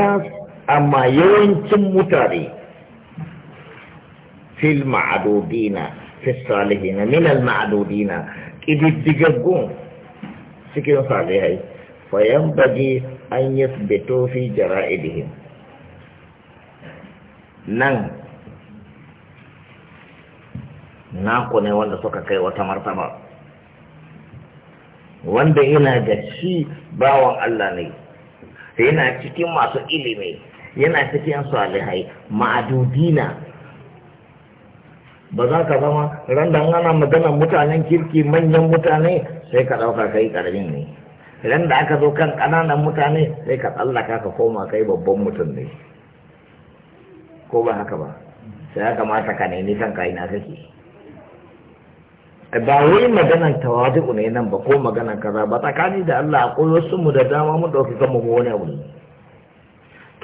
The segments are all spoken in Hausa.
nas amma yawancin mutane fil ma'adudina fi salihina min al ma'adudina kididdigaggun cikin salihai fayan baje an yi beto fi jara'idihim nan naku ne wanda suka kai wata martaba wanda ina da shi bawan Allah ne yana cikin masu ilimi yana cikin salihai ma'adudina ba za ka zama randan ana maganar mutanen kirki manyan mutane sai ka ɗauka kai ƙaramin ne idan da aka zo kan ƙananan mutane sai ka tsallaka ka koma kai babban mutum ne ko ba haka ba sai ya kamata ka nemi kanka ina kake ba wai maganan tawadu ne nan ba ko magana kaza ba tsakani da Allah akwai wasu mu da dama mu dauki kanmu mu wani abu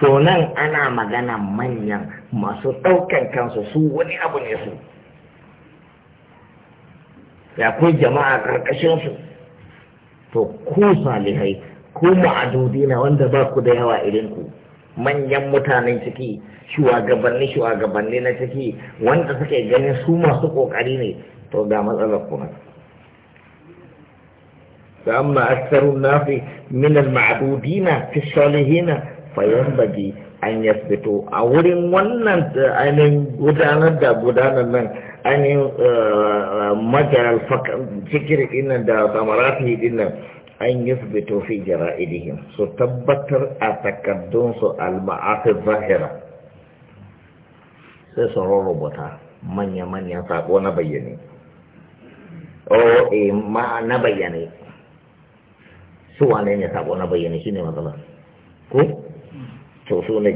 to nan ana magana manyan masu daukan kansu su wani abu ne su ya akwai jama'a karkashin su to ku salihai ku ma'adudi na wanda ba ku da yawa irin ku manyan mutane ciki shugabanni shugabanni na ciki wanda suke ganin su masu kokari ne to ga matsalar kuma فأما أكثر الناس من المعبودين في الصالحين فينبغي أن يثبتوا أولي ونن أن غدانا دا غدانا من أن آه، مجرى الفكر إن دا ثمراته إن أن يثبتوا في جرائدهم ستبتر أتكدون المعاصي الظاهرة سيصروا ربطا من يمن ينفع ونبيني Oo oh, e eh, ma na bayyane su wane ne na bayyane shine matsala ko to su ne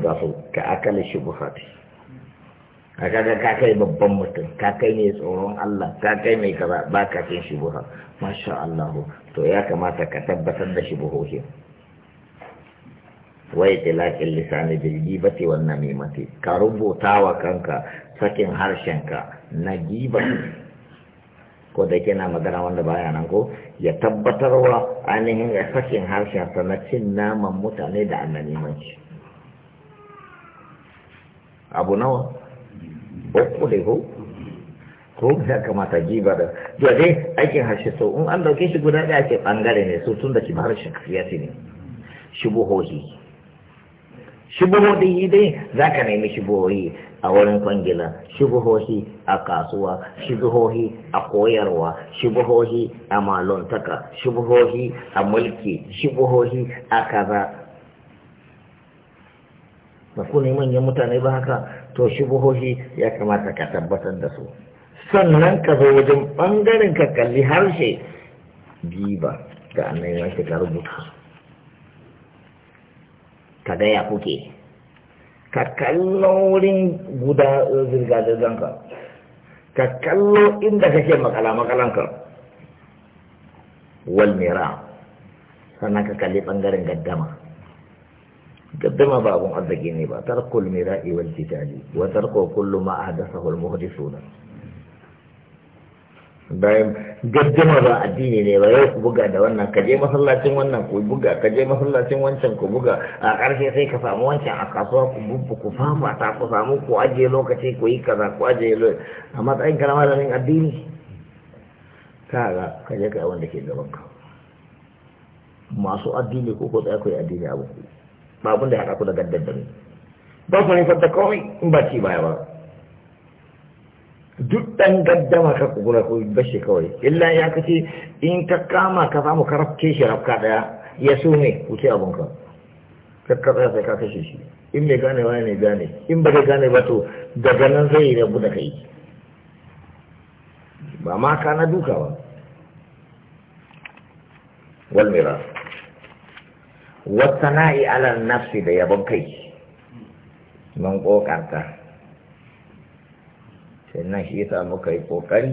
a kaga ka kai babban mutum ka kai ne tsoron Allah ka kai mai kaza ba ka shi buha masha Allah to ya kamata ka tabbatar da shi buhohi wai tilakin lisani bil gibati wan namimati ka rubuta wa kanka sakin harshenka na giba. ko da yake na magana wanda baya nan ko ya tabbatar wa ainihin ya sakin harshen sa cin naman mutane da annabi manci abu nawa uku da ko ko ya kamata jiba da to aikin harshe so in an dauke shi guda ɗaya ce bangare ne so tun da shi harshen kafiyati ne shubuhohi shubuhohi dai za ka nemi shubuhohi a wurin kwangila shubuhohi a kasuwa shubuhohi a koyarwa shubuhohi a malontaka shubuhohi a mulki shubuhohi a kaza ba ku ne manyan mutane ba haka to shubuhohi ya kamata ka tabbatar da su sannan ka zo wajen ɓangaren ka kalli harshe giba ga wanke ka rubuta su ka gaya kuke ka kallo wurin guda eh, zirga-zirganka ka kallo inda kake makala-makalanka wal mira sannan ka kalli ɓangaren gaddama gaddama ba abun arziki ne ba tarkul mira'i iwal jitali wa tarko kullu ma ahdathahu al sunan bayan gaddama ba addini ne ba yau ku buga da wannan ka je masallacin wannan ku buga ka je masallacin wancan ku buga a ƙarshe sai ka samu wancan a kasuwa ku bubba ku fafata ku samu ku ajiye lokaci ku yi kaza ku ajiye lokaci a matsayin ka na malamin addini ka ga ka je ka yi wanda ke gaban ka masu addini ko ko tsaya ku yi addini abu ku ba abin da ya haɗa ku da gaddadda ba ku ne da kawai in ba ci baya ba duk ɗan gaddama ka kugura ko bashi kawai illa ya kace in ka kama ka samu ka rafke shi rafka daya ya so ne wuce abun ka ka tsaya sai ka kashe shi in mai gane wani ne gane in ba ka gane ba to daga nan zai yi rabu da kai ba ma ka na duka ba wal mira wasana'i ala nafsi da yabon kai man kokarta sannan shi yasa muka yi kokari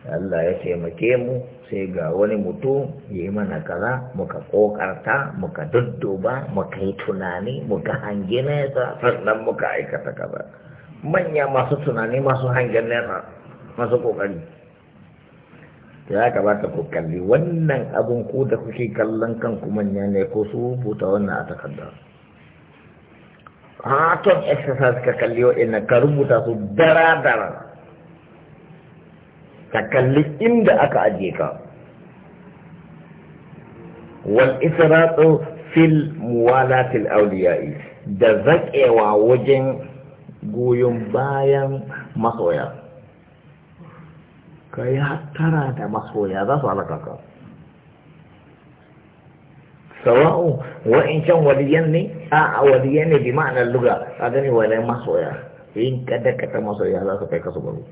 Allah ya taimake mu sai ga wani mutum ya yi mana kaza muka kokarta muka dudduba muka yi tunani muka hangi nesa sannan muka aikata kaza manya masu tunani masu hangen nesa masu kokari ya kamata ku kalli wannan abun ku da kuke kallon kanku manya ne ko su buta wannan a takarda haton exercise ka kalli wa'ina ka rubuta su dara-dara ka kalli inda aka ajiye ka wal isra'u fil muwalatil awliya'i da zakewa wajen goyon bayan masoya ka yi hattara da masoya za su halaka ka sawa'u wa'incan waliyan ne a waliyan ne bi ma'anar luga a gani walai masoya in kada ka ta masoya za su kai ka su baro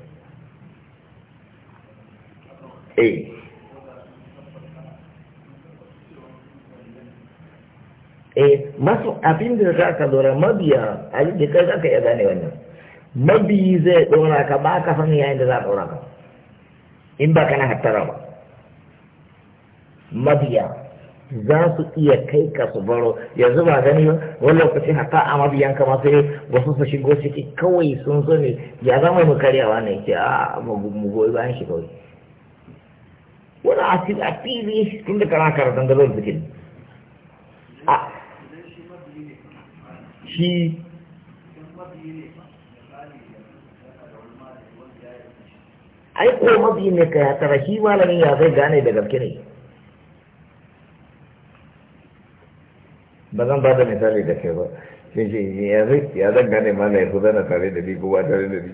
eh eh masu abin da za ka dora mabiya abin da kai za ka iya gane wannan mabiyi zai dora ka ba ka san yayin da za a dora ka in ba kana hattara ba mabiya za su iya kai ka su baro yanzu ba gani ba wani lokaci hatta a mabiyan ka masu ba su shigo ciki kawai sun so ne ya zama mu karyawa ne ke a mu goyi bayan shi kawai wani a cikin a fili tun da kana karatun da zai fitin a ah. shi aiko mafi ne ka ya tara shi malamin ya zai gane da gaske ne ba zan ba da misali da ke ba shi shi ya zan gane malamin ya zana tare da biyu ko ba tare da ni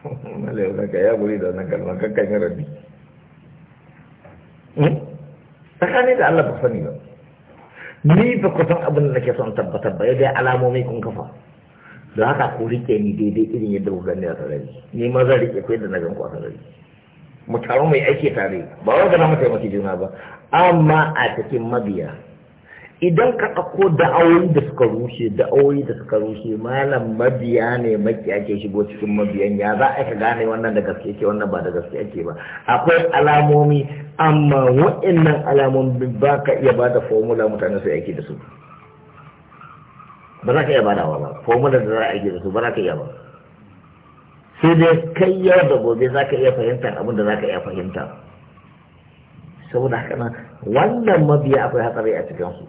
malamin ka ya guri da wannan kalmar kankan yi rabi tsakani da Allah ba sani ba ni ba ku san abin da nake son tabbatar ba dai alamomi kun kafa don haka ku rike ni daidai irin yadda ku gani a sarari ni ma zan rike ku yadda na gan ku a sarari mu taru mai aiki tare ba wanda na mataimaki juna ba amma a cikin mabiya idan ka ɗauko da'awoyi da suka rushe da'awoyi da suka rushe malam mabiya ne maki ake shigo cikin mabiyan ya za a ka gane wannan da gaske ke wannan ba da gaske ake ba akwai alamomi amma wa'annan alamomi ba ka iya ba da formula mutane su aiki da su ba za ka iya ba da ba formula da za a aiki da su ba za ka iya ba sai dai kai yau da gobe za ka iya fahimtar abin da za ka iya fahimta saboda haka wannan mabiya akwai hatsari a cikinsu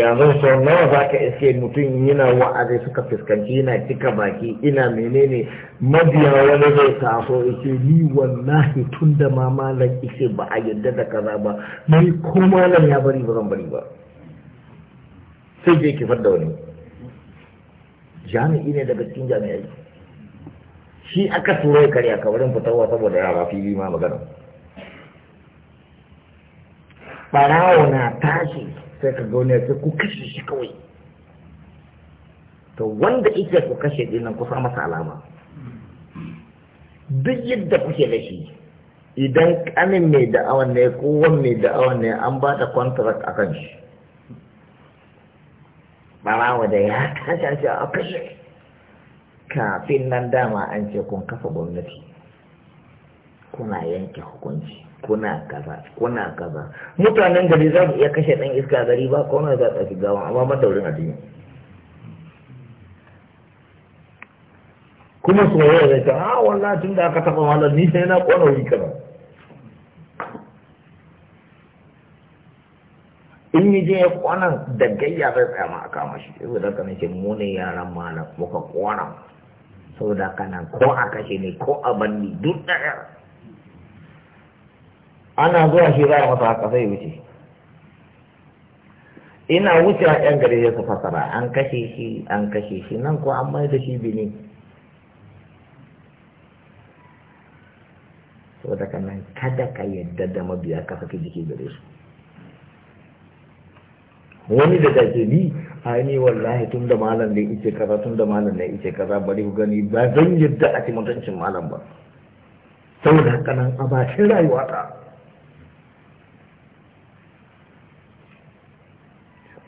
yanzu sau nawa za ka iske mutum yana wa'azi suka fuskanci yana cika baki ina menene mabiya wani zai taso ice ni wallahi tun da ma malam ice ba a yadda da kaza ba mai ko malam ya bari ba zan bari ba sai je kifar fadda wani jami'i ne daga cikin jami'ai shi aka turo ya karya kabarin fitarwa saboda yara fili ma magana ɓarawo na tashi sai ka gauni ya ku kashe shi kawai to wanda ita ku kashe dinan ku sa masa alama duk yadda kuke da shi idan kanin mai da'awan ne kowan mai da'awan ne an ba ta contract a kan shi barawa da ya kashe a kashe kafin nan dama an ce kun kafa gwamnati kuna yanke hukunci kuna kaza kuna kaza mutanen gari za mu iya kashe ɗan iska gari ba ko na za ta fi gawa amma ban daurin addini kuma waye zai ta a ah, wallahi tun da aka taɓa malar ni sai na ƙona wuri kaza in yi je ya da gayya zai tsaya ma a kama shi saboda haka ce mu ne yaran malam muka kona saboda kana ko a kashe ne ko a banni duk ɗaya ana zuwa shi za a masa haka sai wuce ina wuce a yan gari ya su fasara an kashe shi an kashe shi nan ko an mai da shi bini so daga nan kada ka yadda da mabiya ka saki jiki gare su wani da ni a ni wallahi tun da malam ne ice kaza tun da malam ne ice kaza bari ku gani ba zan yadda a ci mutuncin malam ba saboda haka nan a bakin rayuwa ta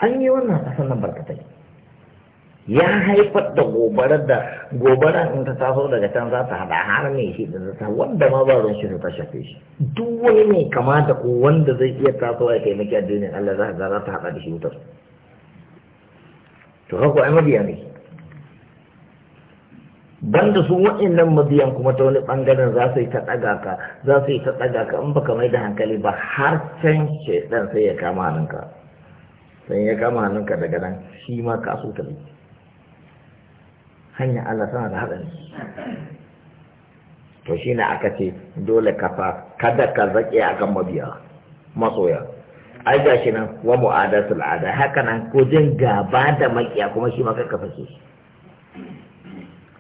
an yi wannan kasan nan barkatai ya haifar da gobarar da gobarar in ta taso daga can za ta hada har mai shi da zata wanda ma ba ruwan shi ta shafe shi duk wani mai kama da ko wanda zai iya tasowa ya taimaki addinin Allah za ta za ta hada da shi wutar to ko ai mabiya ne banda su wa'annan mabiyan kuma ta wani bangaren za su yi ta ɗaga ka za su yi ta ɗaga ka in baka mai da hankali ba har can shedan sai ya kama hannunka sai ya kama hannunka daga nan shi ma ka so ta bi hanya Allah sana da haɗari to shi ne aka ce dole ka fa kada ka zaƙe a kan mabiya masoya ai ga shi nan wa mu'adatul ada haka nan ko jin gaba da makiya kuma shi ma kakka fashe shi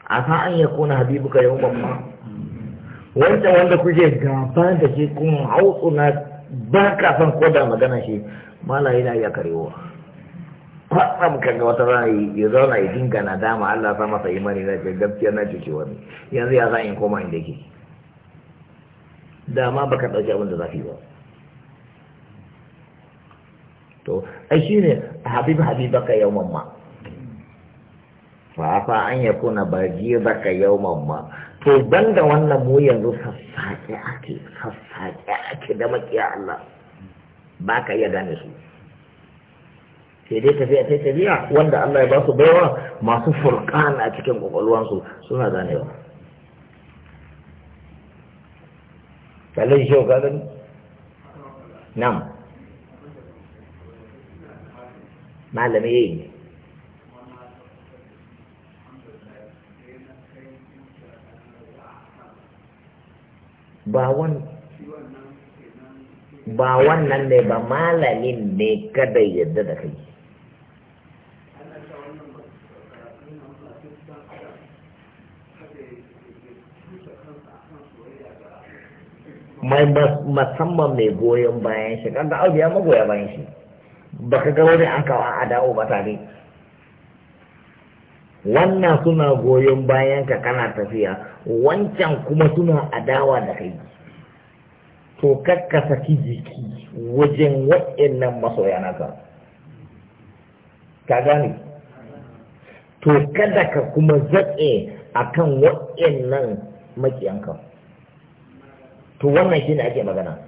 a sa an ya kuna ka yau mamma wancan wanda kuke gaba da shi hautsu na ba ka san ko da magana shi mala yana iya karewa kwatsam ka ga wata rana ya zauna ya dinga na dama Allah sa masa imani na ce gaskiya na cuce wani yanzu ya za in koma inda ke dama baka ɗauki abin da zafi ba to ai shi ne habib habibaka yau mamma fa fa an yakuna baka yau mamma to banda wannan mu yanzu sassaƙe ake sassaƙe ake da makiya Allah ba ka iya gane su sai dai tafiya sai tafiya wanda Allah ya ba su baiwa masu furkan a cikin ƙwaƙwalwansu suna ganewa kalin shi ka gani nan malami ba wan wannan ne ba malamin ne kada yadda da kai mai musamman mai goyon bayan shi kan da auliya magoya bayan shi ka ga wani an kawo a da'o ba tare wannan suna goyon bayan ka kana tafiya wancan kuma suna adawa da kai to kakka saki jiki wajen waɗannan masoya naka ka gane to kada ka kuma zaɓe a kan waɗannan makiyanka to wannan ne ake magana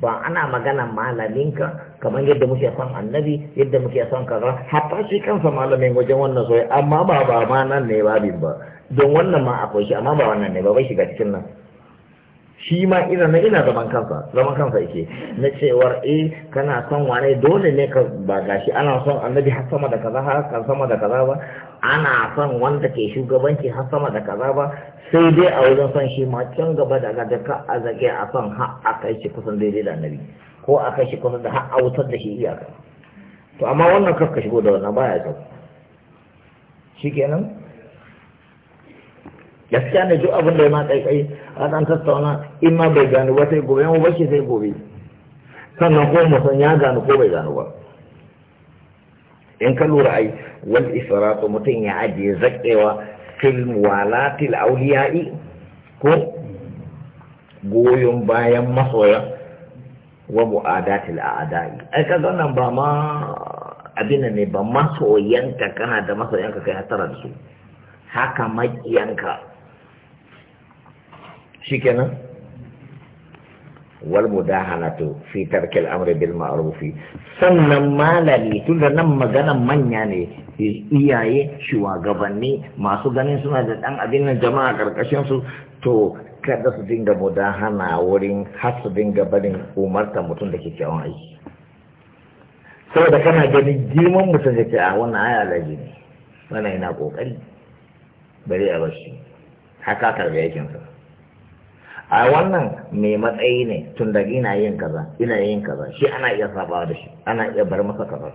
ba ana magana malaminka kamar yadda muke son annabi yadda muke son kaza hatta shi kansa malamin wajen wannan soyayya amma ba ba ma nan ne babin ba don wannan ma akwai shi amma ba wannan ne ba bai shiga cikin nan shi ma ina na ina zaman kansa zaman kansa yake na cewar eh kana son wane dole ne ka ba gashi ana son annabi har sama da kaza har kan sama da kaza ba ana son wanda ke shugabanci har sama da kaza ba sai dai a wajen son shi ma can gaba da gada ka a zage a son har a kai shi kusan daidai da annabi ko a kai shi kusa da har a wutar da shi iyaka to amma wannan kafka shigo da wannan baya kyau shi kenan gaskiya ne duk abin da ya ma kaikai a ɗan tattauna in ma bai gani ba sai gobe mu shi sai gobe sannan ko mu san ya gano ko bai gano ba in ka lura ai wal isratu mutum ya ajiye zakewa fil walatil awliya'i ko goyon bayan masoyan wa mu'adatil a'da'i ai kaga wannan ba ma abin ne ba masoyanka kana da masoyanka kai hatara su haka maƙiyanka shikenan wal mudahanatu fi tarkil amri bil ma'ruf sannan malami da nan maganan manya ne iyaye shugabanni masu ganin suna da dan abin nan jama'a karkashin su to kada su dinga mudahana wurin har su dinga barin umarta mutum da ke kyawun aiki saboda kana gani girman mutum da ke a ah, wannan aya da ne wani yana kokari bari a bashi haka karbi aikinsa a wannan mai matsayi ne tun da ina yin kaza ina yin kaza shi ana iya sabawa da shi ana iya bar masa kaza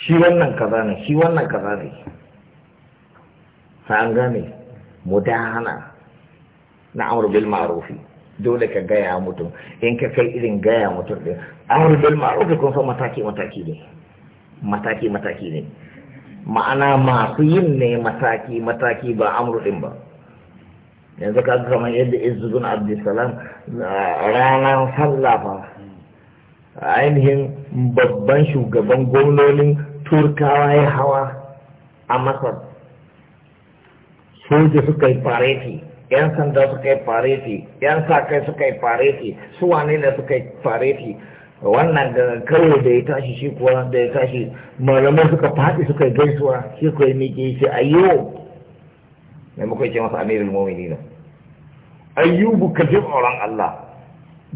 shi wannan kaza ne shi wannan kaza ne sa an gane mudahana na amur bil ma'rufi dole ka gaya mutum in ka kai irin gaya mutum din amur bil ma'rufi kun san mataki mataki ne mataki mataki ne ma'ana masu yin ne mataki mataki ba amur din ba yanzu ka ga kamar yadda izzugun abdulsalam ah, ranar sallafa ainihin babban shugaban gwamnonin turkawa ya hawa a masar soja suka yi fareti yan sanda suka yi fareti yan sa kai suka yi fareti su wane ne suka yi fareti wannan da karo da ya tashi shi kuwa da ya tashi malamai suka faɗi suka yi gaisuwa shi kuwa yi miƙe shi ayyo mai muka ce masa amirul mu'minin ayyubu ka ji tsoron Allah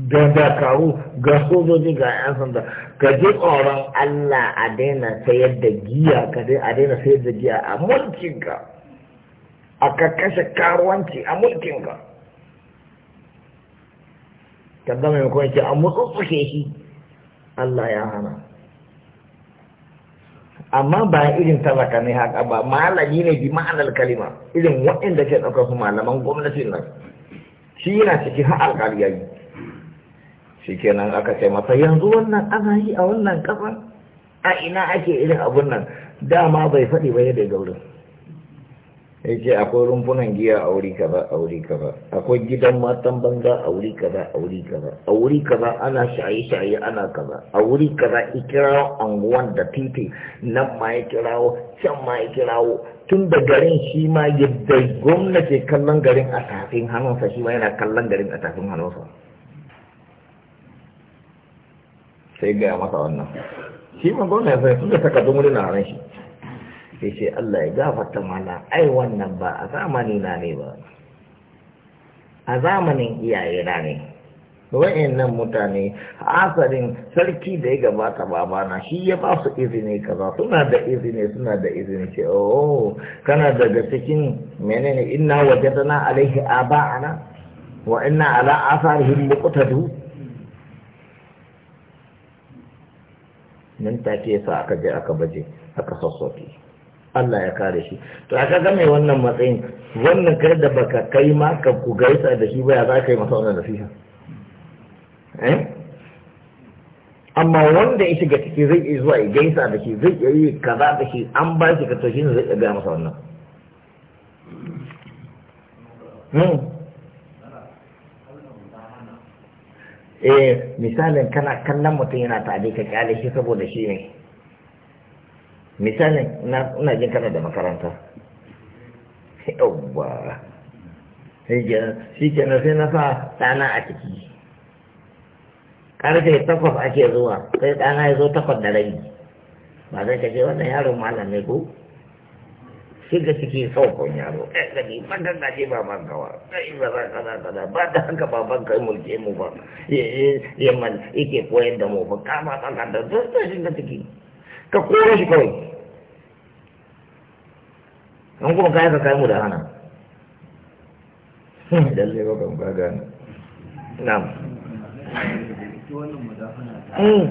da dakaru ga sojoji ga yan sanda ka ji tsoron Allah a daina sayar da giya ka a daina sayar da giya a mulkinka a ka kashe karuwanci a mulkinka ka zama mai kwanci a mutsutsuke shi Allah ya hana amma ba irin talaka ne haka ba malami ne bi ma'anar kalima irin waɗanda ke ɗaukar su malaman gwamnatin nan shi yana cikin har alƙali yayi shi kenan aka ce masa yanzu wannan ana yi a wannan ƙasa a ina ake irin abun nan dama bai faɗi ba yadda ya gaurin ce akwai rumfunan giya a wuri kaza a wuri kaza akwai gidan matan banza a wuri kaza a wuri kaza a wuri kaza ana shaye shaye ana kaza a wuri kaza kirawo anguwan da titi nan ma ya kirawo can ma ya kirawo tun da garin shi ma yadda gwamnati kallon garin a tafin hannunsa shi ma yana kallon garin a tafin hannunsa sai gaya masa wannan shi ma gwamnati sai tun da takardun wurin a hannun shi sai sai Allah ya gafarta mana ai wannan ba a zamani na ne ba a zamanin iyaye na ne nan mutane asarin sarki da ya gabata babana shi ya ba su izini kaza suna da izini suna da izini ce oh kana daga cikin menene inna wajadana alaihi aba'ana wa inna ala asarihim muqtadu nan take sa aka je aka baje aka sassofi Allah ya kare shi to aka ga mai wannan matsayin wannan kai da baka kai ma ka ku gaisa da shi baya za ka yi masa wannan nasiha eh amma wanda ya shiga ciki zai iya zuwa ya gaisa da shi zai iya yi kaza da shi an ba shi ka to shi ne zai iya gaya masa wannan hmm? eh misalin kana kallon mutum yana tare ka kyale shi saboda shi ne misalin ina jin kana da makaranta yawwa shi kenan sai na fa ɗana a ciki karfe takwas ake zuwa sai ɗana ya zo takwas da rabi ba zai kace wannan yaro malam ne ko shiga ciki saukon yaro ɗaya gani bankan na ce ba bankawa ɗai ba za ka za ka ba da haka ba banka yi mulke mu ba yamman yake koyar da mu ba kama tsaka da zai shiga ciki ka kore shi kawai an kuma kayan ka kayan mu da hana dalle ba kan ba gane na'am hmm.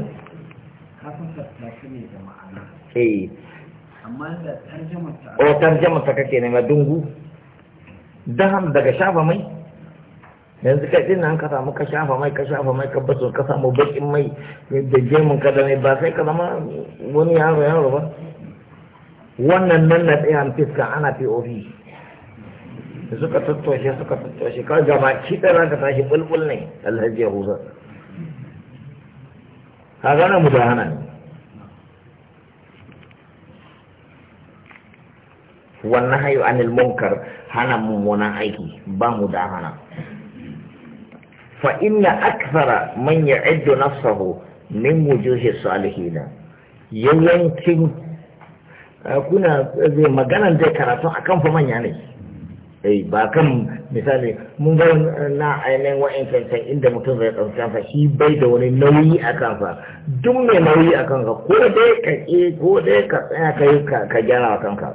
eh amma oh, da tarjamar ta kake nema dungu dahan daga shafa mai yanzu kai din nan ka samu ka shafa mai ka shafa mai ka baso ka samu bakin mai da gemun ka da mai ba sai ka zama wani yaro yaro ba wannan nan na an fiska ana pop da suka tattoshe suka tattoshe ka gama da za ka tashi bulbul ne alhaji yahuza ka gana mu da hana ne wannan hayo anil munkar hana mummunan aiki ba mu da hana fa inna akthara man ya'iddu nafsahu min wujuhi salihin yawancin eh, kuna zai eh, maganan zai karatu akan fa manya ne eh ba kan misali mun ga na ainihin wa'in cancan inda mutum zai ɗauki kansa shi bai da wani nauyi a kansa duk mai nauyi a kanka ko dai ka ko dai ka tsaya ka ka gyara a kanka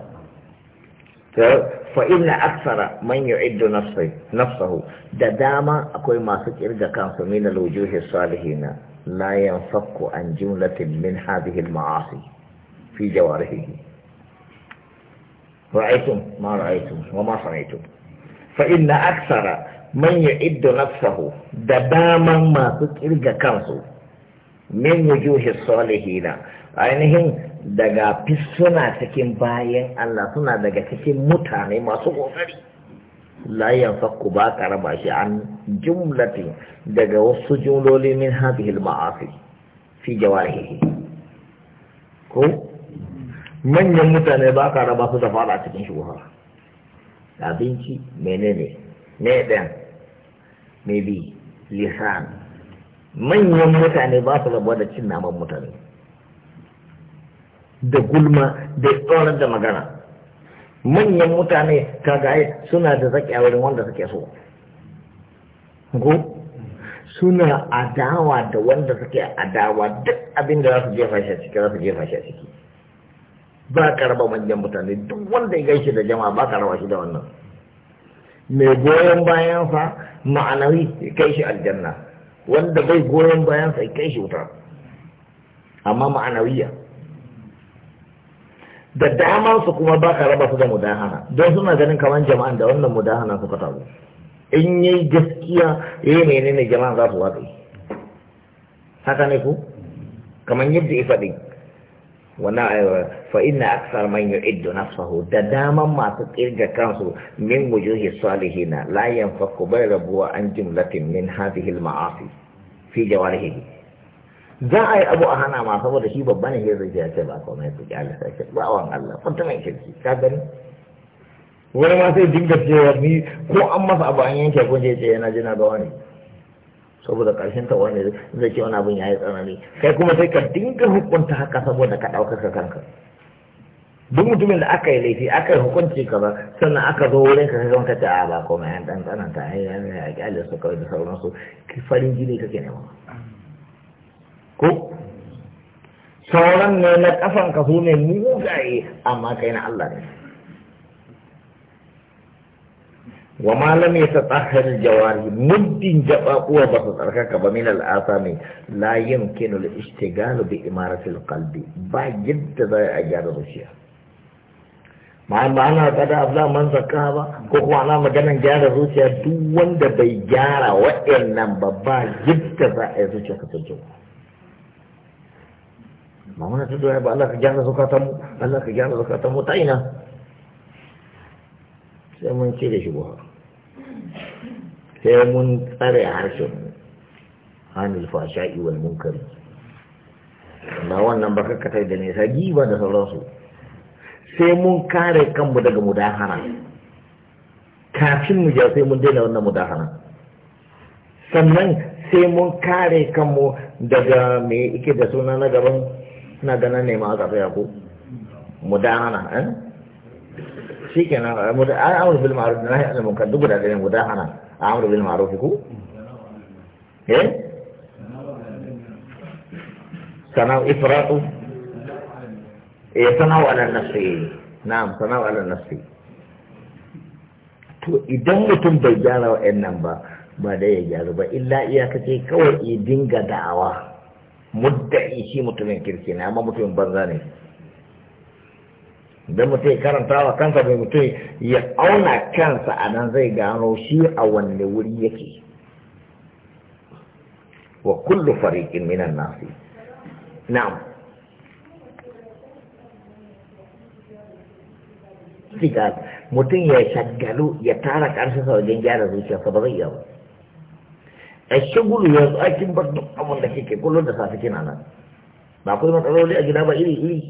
فإن أكثر من يعد نفسه نفسه دداما أكوي ما سكر كان من الوجوه الصالحين لا ينفك عن جملة من هذه المعاصي في جوارحه رأيتم ما رأيتم وما سمعتم فإن أكثر من يعد نفسه دداما ما سكر كان من وجوه الصالحين عينهم يعني daga suna cikin bayan Allah suna daga cikin mutane masu kokari layan fakku ba ka raba shi an jumlatin daga wasu jumloli min hadhihi al-ma'asi fi jawarihi ko manyan mutane ba ka raba su da fara cikin shuhara abinci menene ne ɗan maybe lisan manyan mutane ba su rabuwa da cin naman mutane da gulma da tsoron da magana manyan mutane kaga suna da zaki a wurin wanda suke so go suna adawa da wanda suke adawa duk abin da za su jefa shi ciki za su jefa shi ciki ba ka raba manyan mutane duk wanda ya gaishe da jama'a ba ka raba shi da wannan mai goyon bayan fa ma'anawi ya kai shi aljanna wanda bai goyon bayan sa ya kai shi wuta amma ma'anawiya da daman su kuma ba ka raba su da mudahana don suna ganin kamar jama'an da wannan mudahana suka tabo in yi gaskiya ya yi menene jama'an za su watsi haka ne ku kamar yadda ya faɗi wannan aiwa fa ina aksar man na nafsahu da daman masu kirga kansu min wujuhi salihina na yanfaku bai rabuwa an jumlatin min hadhihi al fi jawarihi za a yi abu a hana ma saboda shi babba ne ya zai ce ba komai su ki Allah sai ba wan Allah fanta mai kirki ka gani wani ma sai dinga cewa ni ko an masa abu an yanke ko je ce yana jina ga wani saboda karshen ta wani zai ce wani ya yayi tsanani kai kuma sai ka dinga hukunta haka saboda ka ka kanka duk mutumin da aka yi laifi aka yi hukunci kaza sannan aka zo wurin ka kaga wanka ta a ah, ba komai an dan tsananta ai ya ne a kyale su kawai da sauransu farin jini kake nema ko sauran ne na kafan ka su ne mugaye amma kai na Allah ne wa malami ya tatahhar jawari muddin jababuwa ba su tsarkaka ba min al'asami la yumkinu al-ishtigalu bi imarati al-qalbi ba yadda za a gyara zuciya ba ana kada abla man zakka ba ko kuma ana maganan gyara zuciya duk wanda bai gyara wa'annan ba yadda za a yi zuciya ka tsaje ba muna ta doya ba Allah ka gyara zukatanmu Allah ka gyara zukatanmu ta ina sai mun ce da shi buhar sai mun tsare harshen hannun fasha'i wal munkari na wannan baka kakkatai da nisa giba da sauransu sai mun kare kanmu daga mudahana kafin mu ja sai mun daina wannan mudahana sannan sai mun kare kanmu daga me ike da suna na gaban ina ganin ne ma aka tsaya ko mudahana eh shikenan eh, ai amru bil ma'ruf nahi anil munkar duk da dai mudahana amru bil ma'ruf ku eh sanau ifratu eh sanau ala nafsi na'am sanau ala nafsi to idan mutum bai gyara wa'annan ba ba dai ya gyara ba illa iyakace kawai ya dinga da'awa mudda'i shi mutumin kirki ne amma mutumin banza ne idan mutum ya karanta wa kansa bai mutum ya auna kansa a nan zai gano shi a wanne wuri yake wa kullu fariqin minan nasi na'am mutum ya shagalu ya tara karshen sa wajen gyara zuciya ba zai yawa a gudu yanzu tsakin bar duk abin da kike kullum da safe kina nan ba akwai matsaloli a gida ba iri iri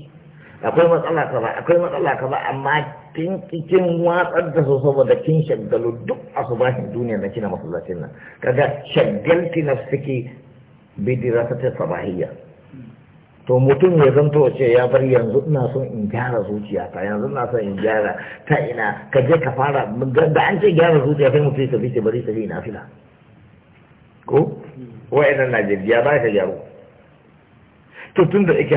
akwai matsala kaza akwai matsala kaza amma kin kin watsar da su saboda kin shaggalu duk asubahin duniya na kina masallacin nan kaga shaggalti nafsiki bi ta sabahiyya to mutum ya zanto ce ya bar yanzu ina son in gyara zuciya ta yanzu ina son in gyara ta ina ka je ka fara da an ce gyara zuciya sai mutum ya tafi ce bari tafi ina fila ko wa'annan nan Najeriya ba ka yaro to tun da ake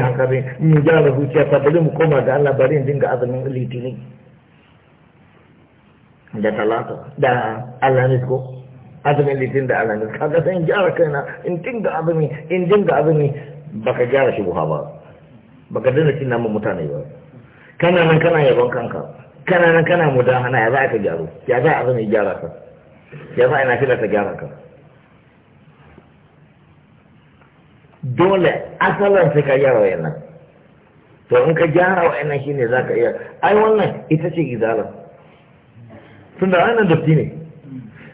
mun mu gyara zuciya ta bari mu koma ga Allah bari in dinga azumin litinin da talata da alhamis ko azumin litinin da alhamis kaga sai in gyara kaina in dinga azumi in dinga azumi baka gyara shi buha ba baka dinga cin namun mutane ba kana nan kana yabon kanka kana nan kana mudahana ya za ka gyaro ya za a azumi gyara ka ya za a ina fila ta gyara ka dole asalin sai ka gyara yana, to in ka gyara ne za ka iya ai wannan ita ce izala tun da wannan dafti ne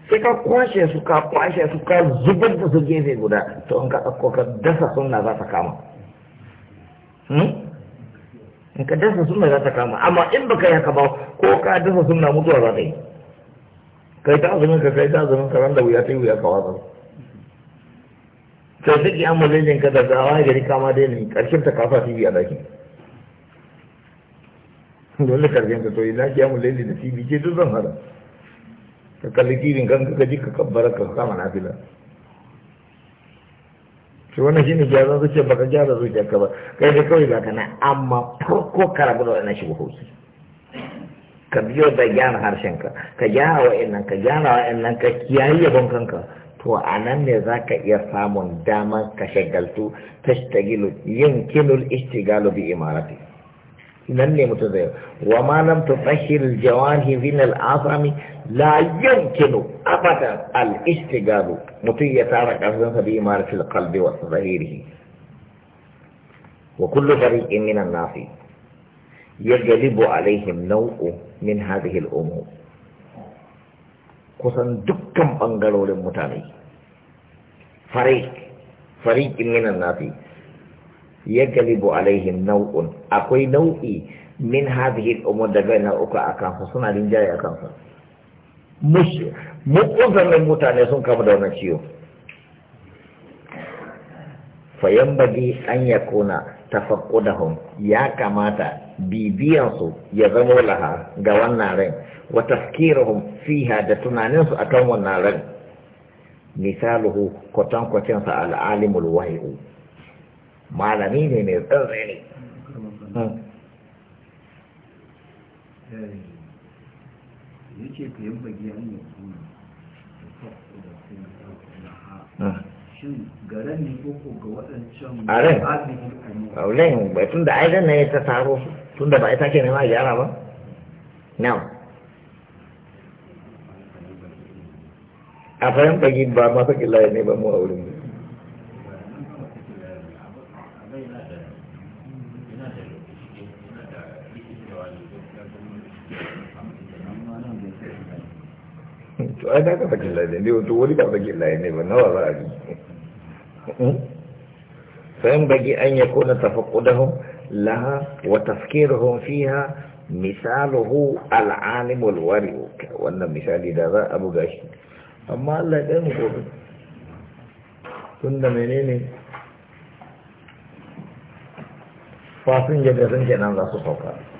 sai ka kwashe su ka kwashe su ka zubar da su gefe guda to in ka ɗauko ka dasa suna za ta kama hmm? in ka dasa suna za ta kama amma in baka yi haka ba ko ka dasa suna mutuwa za ta yi kai ta azumin ka kai ta azumin ka ran da wuya ta yi wuya ka watsar to duk ya mulin ka da gawa gari kama dai ne karshen ta kafa tv a daki dole karshen ta to idan ya mulin da tv ce duk zan hada ka kalli tv kan ka ji ka kabbara ka kama na fila shi wannan shine gyaran zuciya baka gyara zuciya ka ba kai da kawai zaka na amma farko ka rabu wani wannan shubuhoki ka biyo da gyara harshen ka ka gyara nan ka gyara nan ka kiyaye yabon kanka to a nan ne za ka iya samun damar ka shagaltu ta shagilu yin kinul istigalu bi imarati nan ne mutum zai wa ma lam tu tutashir jawahi min al asami la yumkinu abada al istigalu mutum ya tara sa bi imarati al qalbi wa zahirihi wa kullu fariqin min an nasi alaihim naw'u min hadhihi al umur kusan dukkan ɓangarorin mutane fare fariƙin minan nafi ya galibu alaihim nau'un akwai nau'i min hadhihi al-umur daga nau'uka akan su suna rinjaye kan su mushi mu'azzamin mutane sun kama da wannan ciwo fayambagi an yakuna tafaqqudahum ya kamata bibiyansu ya zama laha ga wannan rai Wata tafkirahum fiha da tunaninsu a kan wannan ran misaluhu kwatankwacin sa al'alimul wahiyu malami ne mai tsirrani hmm. yake ka yi bagi an yi kuna hmm. shin garen ne koko ga waɗancan a rai tun da aizan na ya ta taro tun da ba ita ke nema gyara ba now a fahimta ba masa kilaya ini ba mu a wurin mu bagi ai ini? ka saki laye ne to wani ka saki laye ne ba bagi an yakuna tafakudahum laha wa tafkiruhum fiha misaluhu al-alim wal Wanda misali darah Abu a amma Allah ya mu gobe tunda menene fasinja da zan kenan za su sauka